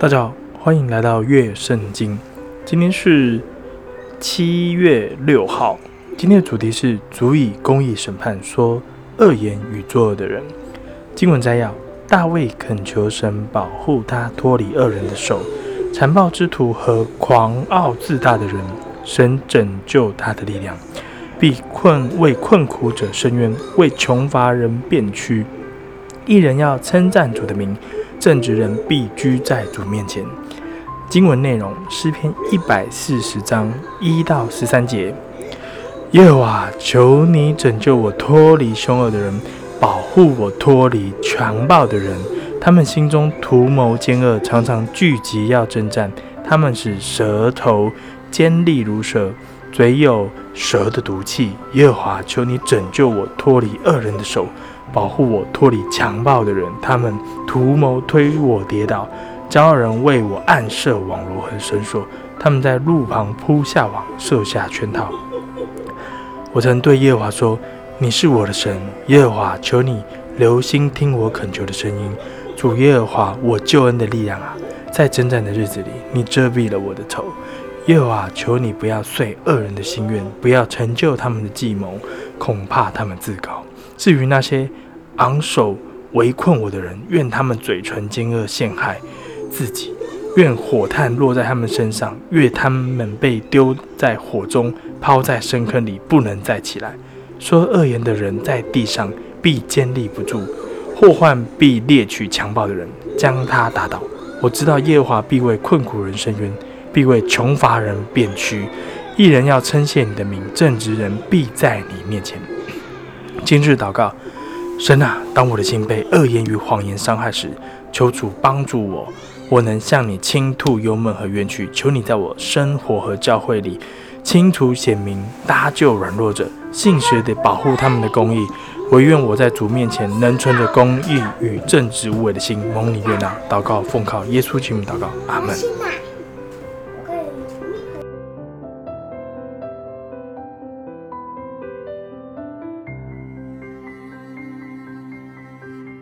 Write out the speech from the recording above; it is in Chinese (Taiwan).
大家好，歡迎來到樂聖經。今天是七月六號，今天的主題是《主以公義審判說惡言與作惡的人》。經文摘要：大衛懇求神保護他脫離惡人的手，殘暴之徒和狂傲自大的人。神拯救他的力量，必困為困苦者伸冤，為窮乏人辨屈。義人要稱讚主的名。正直人必居在主面前。經文內容：詩篇一百四十章一到十三節。耶和華，求你拯救我脫離凶惡的人，保護我脫離強暴的人。他們心中圖謀奸惡，常常聚集要爭戰。他們使舌頭尖利如蛇。誰有蛇的毒氣？耶和華，求你拯救我，脫離惡人的手，保護我，脫離強暴的人。他們圖謀推我跌倒，驕傲人為我暗設網羅和繩索。他們在路旁鋪下網，設下圈套。我曾對耶和華說：“你是我的神，耶和華，求你留心聽我懇求的聲音。”主耶和華，我救恩的力量啊，在爭戰的日子裡，你遮蔽了我的頭。耶華，求你不要遂惡人的心願，不要成就他們的計謀，恐怕他們自高。至於那些昂首圍困我的人，願他們嘴唇奸惡陷害自己，願火炭落在他們身上，願他們被丟在火中，拋在深坑裡，不能再起來。說惡言的人，在地上必堅立不住，禍患必獵取強暴的人，將他打倒。我知道耶華必為困苦人伸冤。必為窮乏人辨屈，義人要稱謝你的名，正直人必在你面前。今日禱告，神啊，當我的心被惡言與謊言傷害時，求主幫助我，我能向你傾吐幽悶和冤屈。求你在我生活和教會裡，清除顯明、搭救軟弱者、信實地保護他們的公義。惟願我在主面前能存着公義與正直無畏的心，蒙你悅納。禱告，奉靠耶穌基督禱告，阿門。